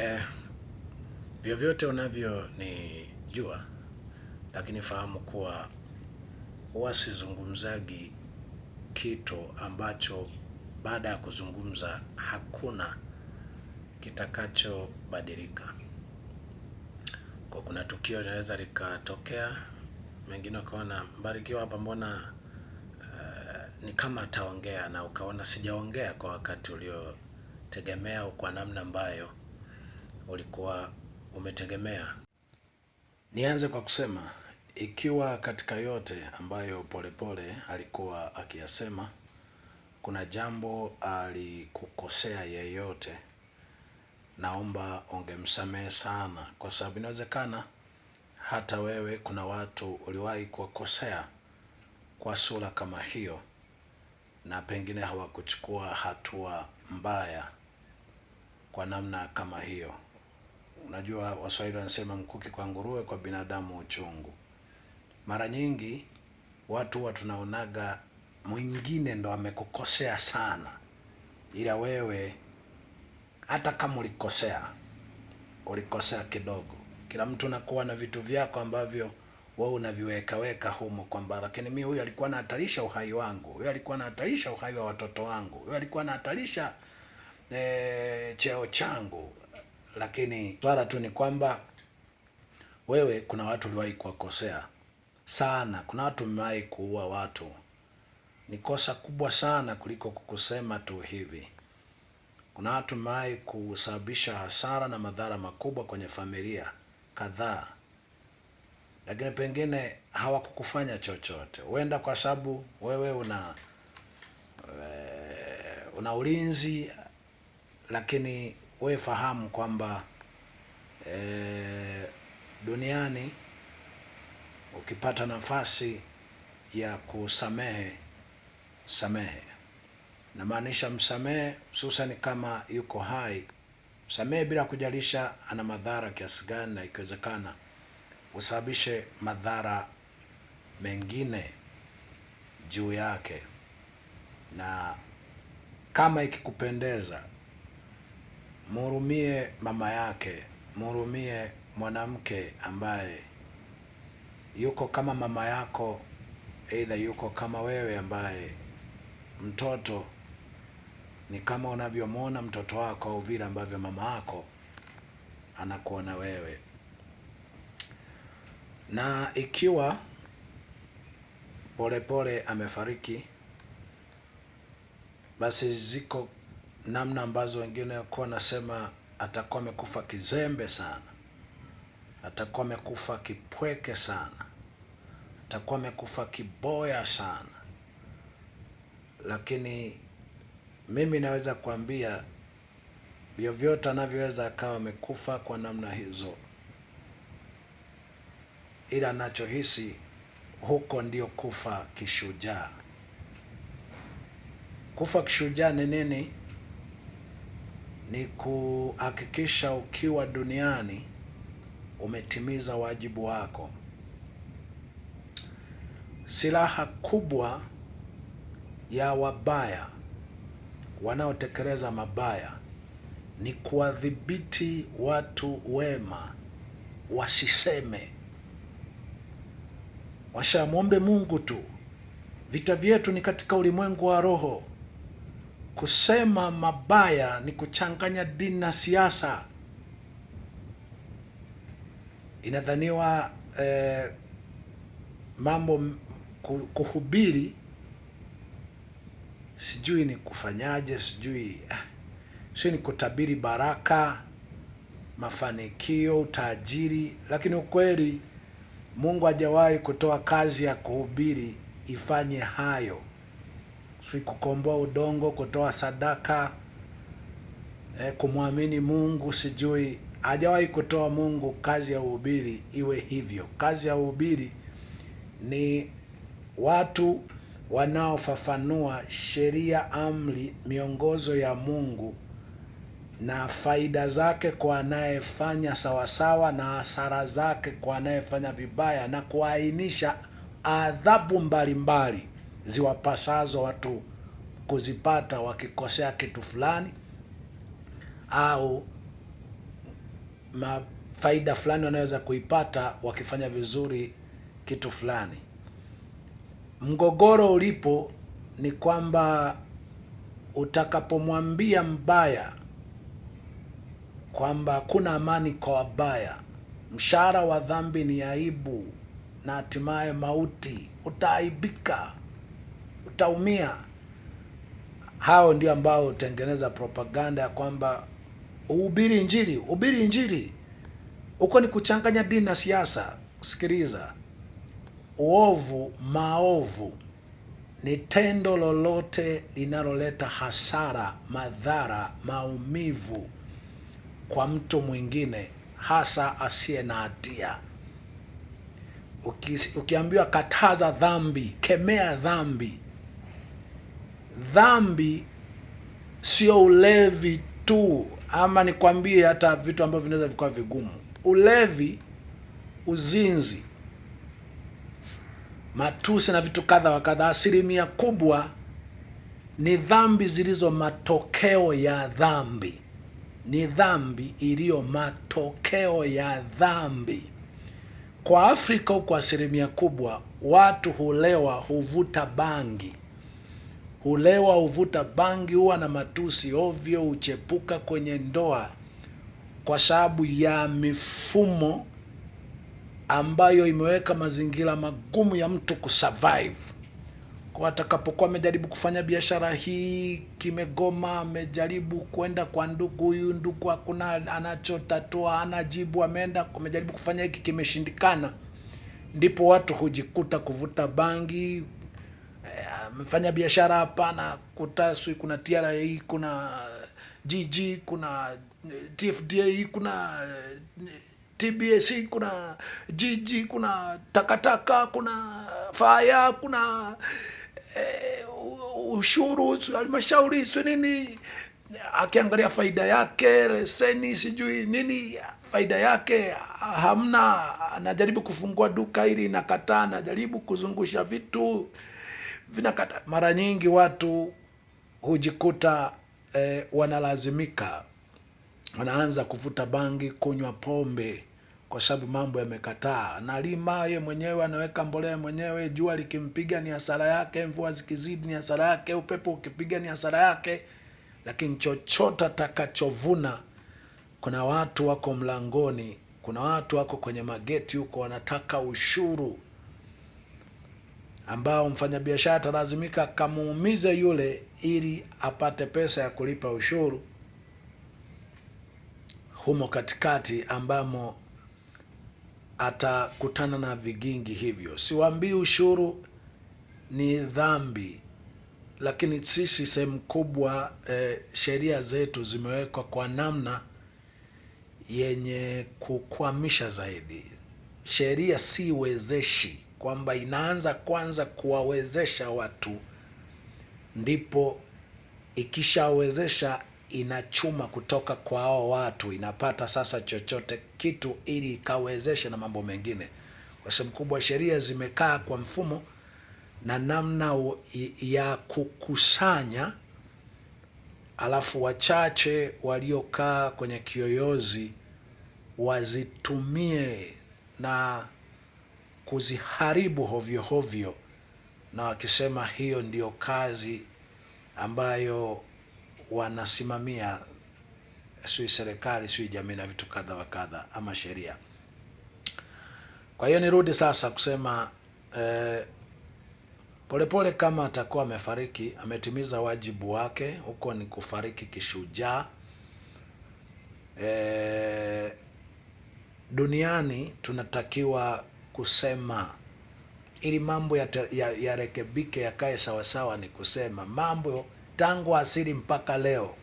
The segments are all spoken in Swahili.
Eh, vyovyote jua lakini fahamu kuwa huwa sizungumzagi kitu ambacho baada ya kuzungumza hakuna kitakachobadilika. Kwa kuna tukio linaweza likatokea, mengine ukaona Mbarikiwa hapa mbona uh, ni kama ataongea na ukaona sijaongea kwa wakati uliotegemea au kwa namna ambayo ulikuwa umetegemea? Nianze kwa kusema ikiwa katika yote ambayo Polepole pole alikuwa akiyasema kuna jambo alikukosea yeyote, naomba ungemsamehe sana, kwa sababu inawezekana hata wewe kuna watu uliwahi kuwakosea kwa sura kama hiyo, na pengine hawakuchukua hatua mbaya kwa namna kama hiyo. Unajua Waswahili wanasema mkuki kwa nguruwe, kwa binadamu uchungu. Mara nyingi watu huwa tunaonaga mwingine ndo amekukosea sana, ila wewe hata kama ulikosea, ulikosea kidogo. Kila mtu unakuwa na vitu vyako ambavyo wewe unaviwekaweka humo kwamba lakini mimi huyu alikuwa anahatarisha uhai wangu, huyu alikuwa anahatarisha uhai wa watoto wangu, huyu alikuwa anahatarisha e, cheo changu lakini swala tu ni kwamba wewe, kuna watu uliwahi kuwakosea sana, kuna watu umewahi kuua watu. Ni kosa kubwa sana kuliko kukusema tu hivi. Kuna watu umewahi kusababisha hasara na madhara makubwa kwenye familia kadhaa, lakini pengine hawakukufanya chochote. Huenda kwa sababu wewe una eh, una ulinzi, lakini we fahamu kwamba e, duniani ukipata nafasi ya kusamehe samehe, namaanisha msamehe, hususani kama yuko hai, msamehe bila kujalisha ana madhara kiasi gani, na ikiwezekana usababishe madhara mengine juu yake, na kama ikikupendeza mhurumie mama yake, mhurumie mwanamke ambaye yuko kama mama yako, aidha yuko kama wewe, ambaye mtoto ni kama unavyomwona mtoto wako au vile ambavyo mama yako anakuona wewe. Na ikiwa Polepole amefariki, basi ziko namna ambazo wengine walikuwa wanasema atakuwa amekufa kizembe sana, atakuwa amekufa kipweke sana, atakuwa amekufa kiboya sana, lakini mimi naweza kuambia vyovyote anavyoweza akawa amekufa kwa namna hizo, ila anachohisi huko ndio kufa kishujaa. Kufa kishujaa ni nini? ni kuhakikisha ukiwa duniani umetimiza wajibu wako. Silaha kubwa ya wabaya wanaotekeleza mabaya ni kuwadhibiti watu wema wasiseme, washamwombe Mungu tu. Vita vyetu ni katika ulimwengu wa roho. Kusema mabaya ni kuchanganya dini na siasa. Inadhaniwa eh, mambo kuhubiri sijui ni kufanyaje, sijui ah, ni kutabiri baraka, mafanikio, utajiri, lakini ukweli Mungu hajawahi kutoa kazi ya kuhubiri ifanye hayo sui kukomboa udongo, kutoa sadaka e, kumwamini Mungu sijui hajawahi kutoa Mungu kazi ya uhubiri iwe hivyo. Kazi ya uhubiri ni watu wanaofafanua sheria, amri, miongozo ya Mungu na faida zake kwa anayefanya sawasawa na hasara zake kwa anayefanya vibaya na kuainisha adhabu mbalimbali ziwapasazo watu kuzipata wakikosea kitu fulani au mafaida fulani wanaweza kuipata wakifanya vizuri kitu fulani. Mgogoro ulipo ni kwamba utakapomwambia mbaya kwamba kuna amani kwa wabaya, mshahara wa dhambi ni aibu na hatimaye mauti, utaaibika utaumia. Hao ndio ambao hutengeneza propaganda ya kwamba uhubiri Injili, uhubiri Injili. Huko ni kuchanganya dini na siasa. Sikiliza, uovu, maovu ni tendo lolote linaloleta hasara, madhara, maumivu kwa mtu mwingine, hasa asiye na hatia. Ukiambiwa kataza dhambi, kemea dhambi, dhambi sio ulevi tu, ama nikwambie hata vitu ambavyo vinaweza vikawa vigumu. Ulevi, uzinzi, matusi na vitu kadha wa kadha, asilimia kubwa ni dhambi zilizo matokeo ya dhambi, ni dhambi iliyo matokeo ya dhambi. Kwa Afrika huko, asilimia kubwa watu hulewa, huvuta bangi hulewa, huvuta bangi, huwa na matusi ovyo, huchepuka kwenye ndoa kwa sababu ya mifumo ambayo imeweka mazingira magumu ya mtu kusurvive. Kwa atakapokuwa amejaribu kufanya biashara hii kimegoma, amejaribu kwenda kwa ndugu, huyu ndugu hakuna anachotatua, anajibu, ameenda amejaribu kufanya hiki kimeshindikana, ndipo watu hujikuta kuvuta bangi, mfanya biashara hapana, kutaswi kuna TRA, kuna GG, kuna eh, TFDA, kuna eh, TBS, kuna GG, kuna takataka, kuna faya, kuna eh, ushuru, halmashauri, si nini akiangalia faida yake, leseni, sijui nini faida yake hamna. Anajaribu kufungua duka ili nakataa, anajaribu kuzungusha vitu vinakata. Mara nyingi watu hujikuta eh, wanalazimika, wanaanza kuvuta bangi, kunywa pombe kwa sababu mambo yamekataa. Analima ye mwenyewe, anaweka mbolea mwenyewe. Jua likimpiga ni hasara yake, mvua zikizidi ni hasara yake, upepo ukipiga ni hasara yake, lakini chochote atakachovuna, kuna watu wako mlangoni, kuna watu wako kwenye mageti huko, wanataka ushuru ambao mfanyabiashara atalazimika kamuumize yule ili apate pesa ya kulipa ushuru. Humo katikati ambamo atakutana na vigingi hivyo. Siwaambii ushuru ni dhambi, lakini sisi sehemu kubwa e, sheria zetu zimewekwa kwa namna yenye kukwamisha zaidi. Sheria si wezeshi kwamba inaanza kwanza kuwawezesha watu, ndipo ikishawezesha inachuma kutoka kwa hao watu, inapata sasa chochote kitu ili ikawezeshe na mambo mengine. Kwa sehemu kubwa sheria zimekaa kwa mfumo na namna ya kukusanya, alafu wachache waliokaa kwenye kiyoyozi wazitumie na kuziharibu hovyo hovyo, na wakisema hiyo ndiyo kazi ambayo wanasimamia, si serikali, si jamii na vitu kadha wa kadha, ama sheria. Kwa hiyo nirudi sasa kusema eh, Polepole kama atakuwa amefariki, ametimiza wajibu wake, huko ni kufariki kishujaa. eh, duniani tunatakiwa kusema ili mambo yarekebike ya, ya yakae sawasawa ni kusema. Mambo tangu asili mpaka leo,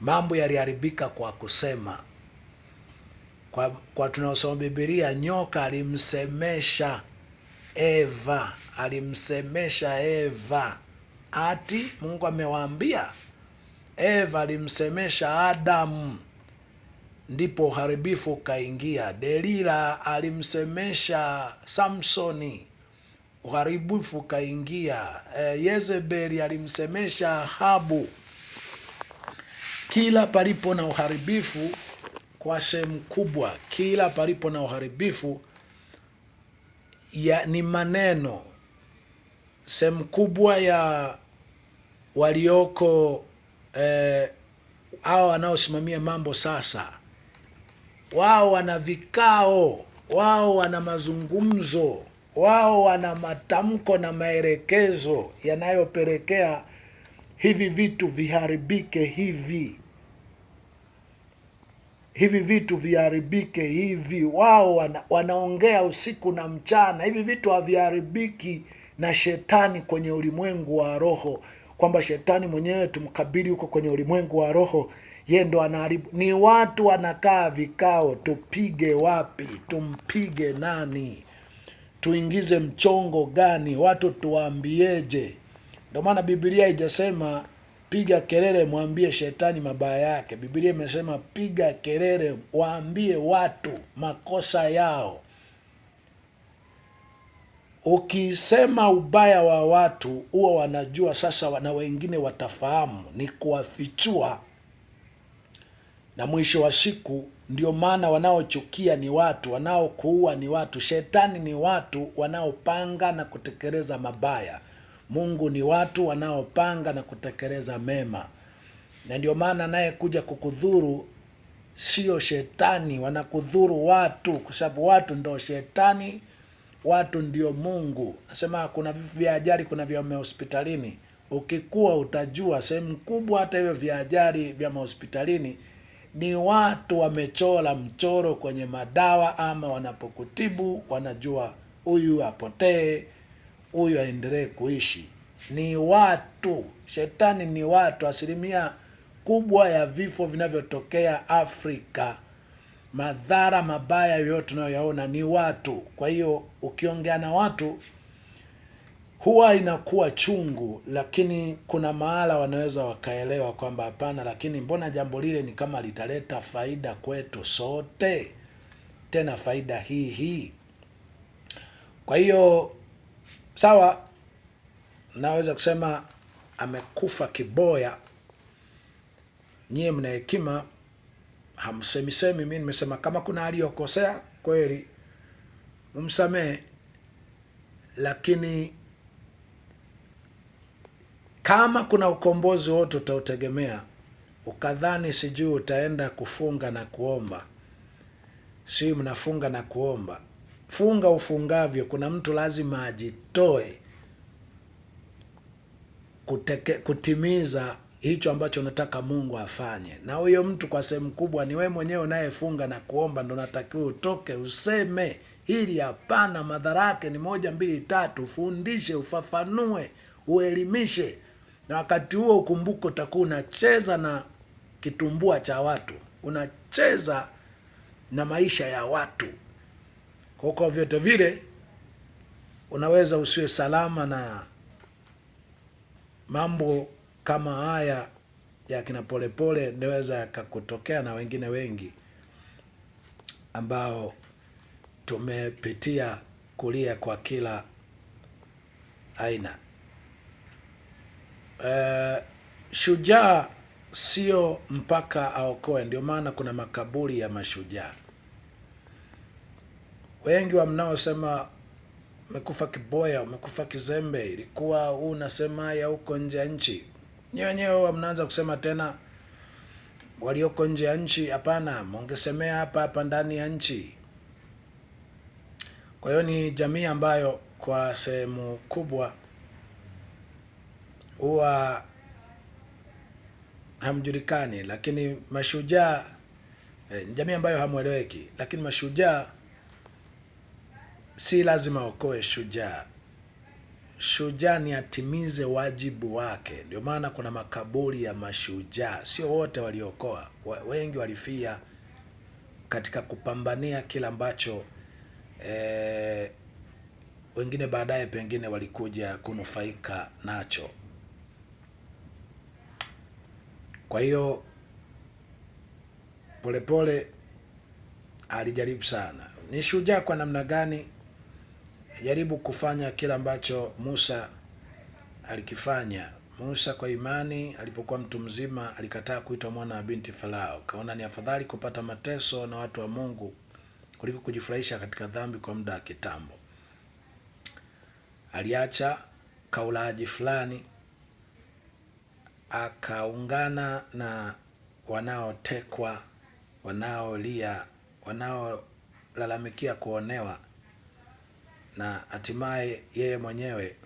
mambo yaliharibika kwa kusema. Kwa, kwa tunaosoma bibilia nyoka alimsemesha Eva, alimsemesha Eva ati Mungu amewaambia Eva, alimsemesha Adamu ndipo uharibifu ukaingia. Delila alimsemesha Samsoni, uharibifu ukaingia. E, Yezebeli alimsemesha Ahabu. Kila palipo na uharibifu, kwa sehemu kubwa, kila palipo na uharibifu ya, ni maneno. Sehemu kubwa ya walioko eh, hao e, wanaosimamia mambo sasa wao wana vikao, wao wana mazungumzo, wao wana matamko na maelekezo yanayopelekea hivi vitu viharibike hivi hivi vitu viharibike hivi. Wao wana, wanaongea usiku na mchana. Hivi vitu haviharibiki na shetani kwenye ulimwengu wa roho, kwamba shetani mwenyewe tumkabili huko kwenye ulimwengu wa roho ye ndo anaharibu. Ni watu wanakaa vikao, tupige wapi, tumpige nani, tuingize mchongo gani, watu tuwaambieje? Ndio maana Biblia haijasema piga kelele, mwambie shetani mabaya yake. Biblia imesema piga kelele, waambie watu makosa yao. Ukisema ubaya wa watu huwa wanajua sasa, na wengine watafahamu, ni kuwafichua na mwisho wa siku, ndio maana wanaochukia ni watu, wanaokuua ni watu, shetani ni watu wanaopanga na kutekeleza mabaya. Mungu ni watu wanaopanga na kutekeleza mema, na ndio maana anayekuja kukudhuru sio shetani, wanakudhuru watu, kwa sababu watu ndo shetani, watu ndio Mungu. Nasema kuna vifo vya ajali, kuna vya mahospitalini. Ukikuwa utajua sehemu kubwa, hata hivyo vya ajali vya mahospitalini ni watu wamechora mchoro kwenye madawa, ama wanapokutibu wanajua huyu apotee, huyu aendelee kuishi. Ni watu, shetani ni watu. Asilimia kubwa ya vifo vinavyotokea Afrika, madhara mabaya yote tunayoyaona ni watu. Kwa hiyo ukiongea na watu huwa inakuwa chungu, lakini kuna mahala wanaweza wakaelewa kwamba hapana, lakini mbona jambo lile ni kama litaleta faida kwetu sote, tena faida hii hii. Kwa hiyo sawa, naweza kusema amekufa kiboya, nyie mna hekima, hamsemisemi. Mi nimesema kama kuna aliyokosea kweli, mumsamehe, lakini kama kuna ukombozi wote utautegemea ukadhani sijui utaenda kufunga na kuomba, sijui mnafunga na kuomba, funga ufungavyo, kuna mtu lazima ajitoe kuteke, kutimiza hicho ambacho unataka Mungu afanye. Na huyo mtu kwa sehemu kubwa ni wewe mwenyewe unayefunga na kuomba, ndo natakiwa utoke useme hili hapana, madhara yake ni moja mbili tatu, ufundishe, ufafanue, uelimishe na wakati huo ukumbuko utakuwa unacheza na kitumbua cha watu, unacheza na maisha ya watu. Kwa kwa vyote vile unaweza usiwe salama na mambo kama haya ya kina Polepole, naweza yakakutokea na wengine wengi ambao tumepitia kulia kwa kila aina. Eh, shujaa sio mpaka aokoe. Ndio maana kuna makaburi ya mashujaa wengi wa mnaosema umekufa kiboya, umekufa kizembe, ilikuwa huu unasema ya huko nje ya nchi, nyewe wenyewe mnaanza kusema tena walioko nje ya nchi. Hapana, mongesemea hapa hapa ndani ya nchi. Kwa hiyo ni jamii ambayo kwa sehemu kubwa huwa hamjulikani, lakini mashujaa eh, jamii ambayo hamweleweki, lakini mashujaa si lazima okoe shujaa. Shujaa ni atimize wajibu wake. Ndio maana kuna makaburi ya mashujaa. Sio wote waliokoa, wengi walifia katika kupambania kile ambacho eh, wengine baadaye pengine walikuja kunufaika nacho. Kwa hiyo Polepole alijaribu sana. Ni shujaa kwa namna gani? Jaribu kufanya kile ambacho Musa alikifanya. Musa kwa imani alipokuwa mtu mzima alikataa kuitwa mwana wa binti Farao. Kaona ni afadhali kupata mateso na watu wa Mungu kuliko kujifurahisha katika dhambi kwa muda wa kitambo. Aliacha kaulaji fulani akaungana na wanaotekwa, wanaolia, wanaolalamikia kuonewa na hatimaye yeye mwenyewe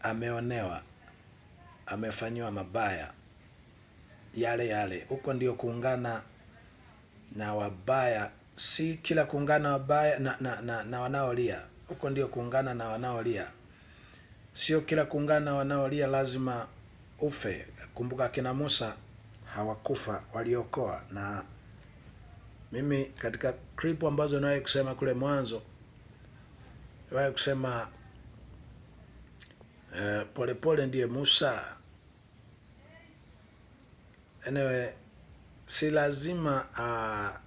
ameonewa, amefanyiwa mabaya yale yale. Huko ndio kuungana na wabaya, si kila kuungana wabaya na, na, na, na wanaolia. Huko ndio kuungana na wanaolia. Sio kila kuungana wanaolia lazima ufe. Kumbuka akina Musa hawakufa, waliokoa. Na mimi katika klipu ambazo niwahi kusema kule mwanzo, niwahi kusema Polepole eh, uh, pole ndiye Musa. Anyway, si lazima uh,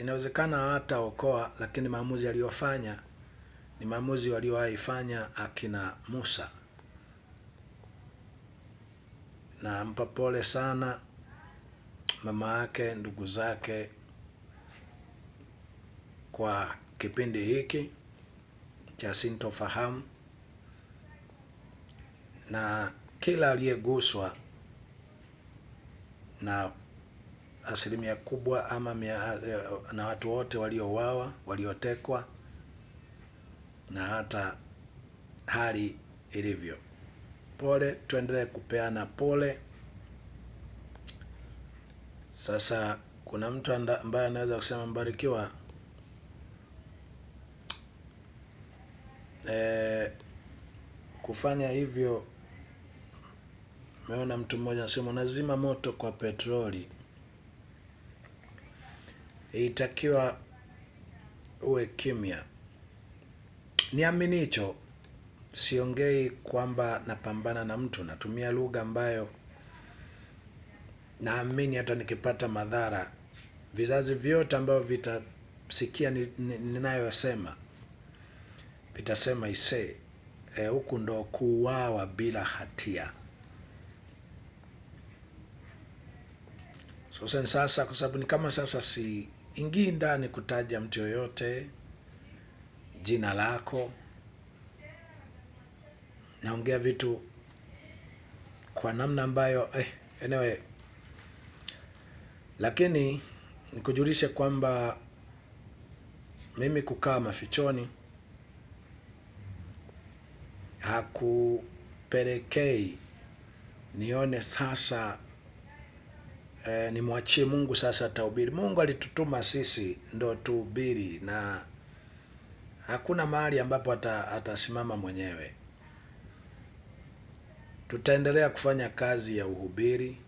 inawezekana okoa lakini maamuzi aliyofanya ni maamuzi waliowaifanya akina Musa. Nampa pole sana mama yake, ndugu zake kwa kipindi hiki cha sintofahamu, na kila aliyeguswa na asilimia kubwa ama mia, eh, na watu wote waliowawa waliotekwa na hata hali ilivyo. Pole, tuendelee kupeana pole. Sasa kuna mtu ambaye anaweza kusema Mbarikiwa, e, kufanya hivyo meona mtu mmoja anasema unazima moto kwa petroli. Itakiwa uwe kimya hicho siongei kwamba napambana na mtu, natumia lugha ambayo naamini hata nikipata madhara vizazi vyote ambavyo vitasikia ninayosema ni, ni vitasema ise eh, huku ndo kuuawa bila hatia. Hususan sasa, kwa sababu ni kama sasa siingii ndani kutaja mtu yoyote jina lako. Naongea vitu kwa namna ambayo eh, anyway, lakini nikujulishe kwamba mimi kukaa mafichoni hakupelekei nione sasa eh, nimwachie Mungu sasa tahubiri. Mungu alitutuma sisi ndo tuhubiri na hakuna mahali ambapo atasimama mwenyewe. Tutaendelea kufanya kazi ya uhubiri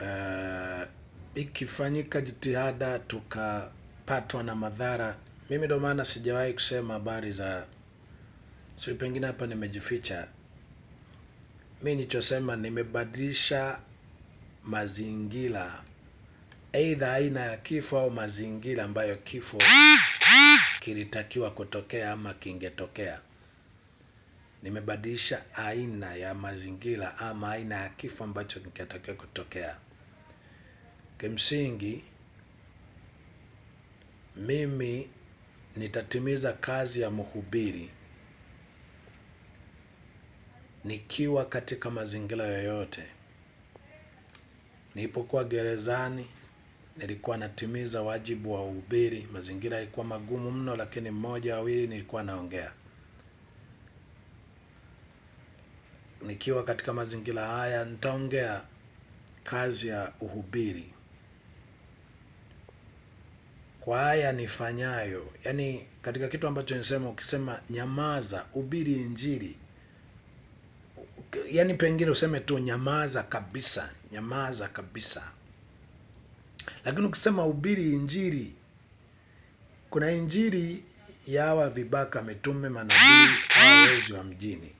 uh, ikifanyika jitihada tukapatwa na madhara. Mimi ndio maana sijawahi kusema habari za sio, pengine hapa nimejificha. Mi nichosema nimebadilisha mazingira aidha aina ya kifo au mazingira ambayo kifo kilitakiwa kutokea ama kingetokea. Nimebadilisha aina ya mazingira ama aina ya kifo ambacho kingetakiwa kutokea. Kimsingi mimi nitatimiza kazi ya mhubiri nikiwa katika mazingira yoyote. Nilipokuwa gerezani, nilikuwa natimiza wajibu wa uhubiri. Mazingira yalikuwa magumu mno, lakini mmoja wawili nilikuwa naongea. Nikiwa katika mazingira haya, nitaongea kazi ya uhubiri kwa haya nifanyayo, yani katika kitu ambacho nisema, ukisema nyamaza, hubiri Injili, yani pengine useme tu nyamaza kabisa, nyamaza kabisa. Lakini ukisema ubiri injili, kuna injili ya hawa vibaka, mitume, manabii, hawa wezi wa mjini,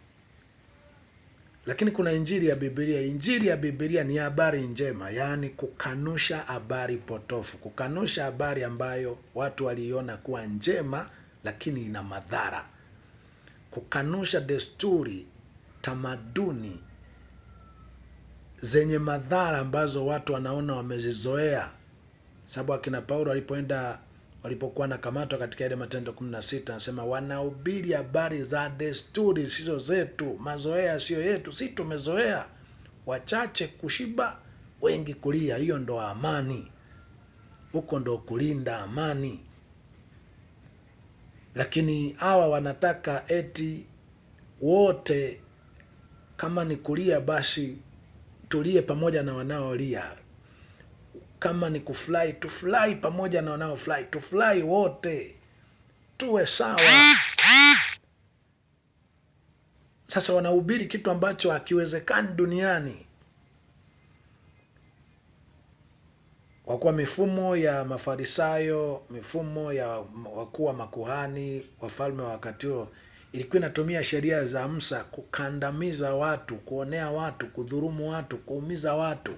lakini kuna injili ya Biblia. Injili ya Biblia ni habari njema, yaani kukanusha habari potofu, kukanusha habari ambayo watu waliiona kuwa njema, lakini ina madhara, kukanusha desturi, tamaduni zenye madhara ambazo watu wanaona wamezizoea, sababu akina Paulo walipoenda walipokuwa nakamatwa katika ile Matendo 16 na anasema wanahubiri habari za desturi sizo zetu, mazoea sio yetu. Si tumezoea wachache kushiba, wengi kulia. Hiyo ndo amani, huko ndo kulinda amani. Lakini hawa wanataka eti wote, kama ni kulia basi tulie pamoja na wanaolia. Kama ni kufurahi, tufurahi pamoja na wanaofurahi, tufurahi wote, tuwe sawa. Sasa wanahubiri kitu ambacho hakiwezekani duniani, kwa kuwa mifumo ya Mafarisayo, mifumo ya wakuu wa makuhani, wafalme wa wakati huo ilikuwa inatumia sheria za Musa kukandamiza watu, kuonea watu, kudhurumu watu, kuumiza watu.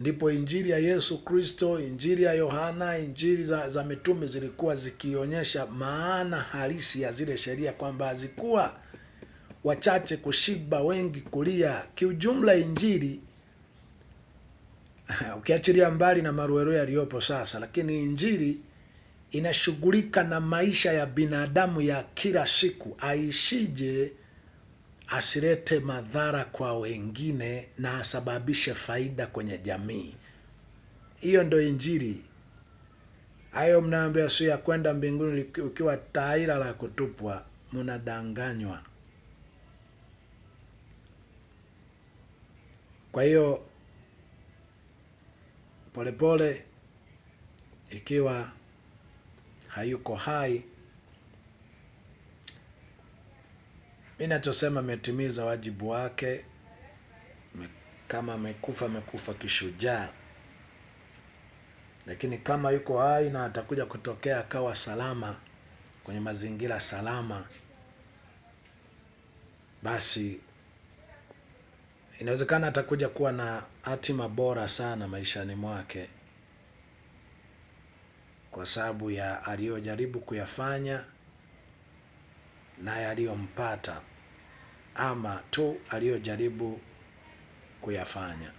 Ndipo injili ya Yesu Kristo, injili ya Yohana, injili za, za mitume zilikuwa zikionyesha maana halisi ya zile sheria, kwamba hazikuwa wachache kushiba, wengi kulia. Kiujumla injili ukiachilia mbali na marueru yaliyopo sasa, lakini injili inashughulika na maisha ya binadamu ya kila siku, aishije asilete madhara kwa wengine na asababishe faida kwenye jamii. Hiyo ndo Injili. Hayo mnaambia sio ya kwenda mbinguni ukiwa taira la kutupwa, mnadanganywa. Kwa hiyo polepole ikiwa hayuko hai. Mi nachosema ametimiza wajibu wake. Kama amekufa, amekufa kishujaa, lakini kama yuko hai na atakuja kutokea akawa salama kwenye mazingira salama, basi inawezekana atakuja kuwa na hatima bora sana maishani mwake kwa sababu ya aliyojaribu kuyafanya naye aliyompata, ama tu aliyojaribu kuyafanya.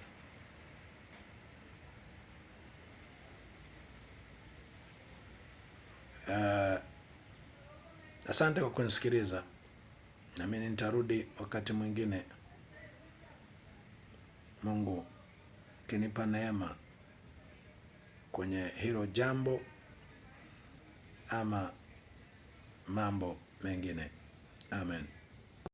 Uh, asante kwa kunisikiliza, na mimi nitarudi wakati mwingine, Mungu kinipa neema kwenye hilo jambo ama mambo mengine. Amen.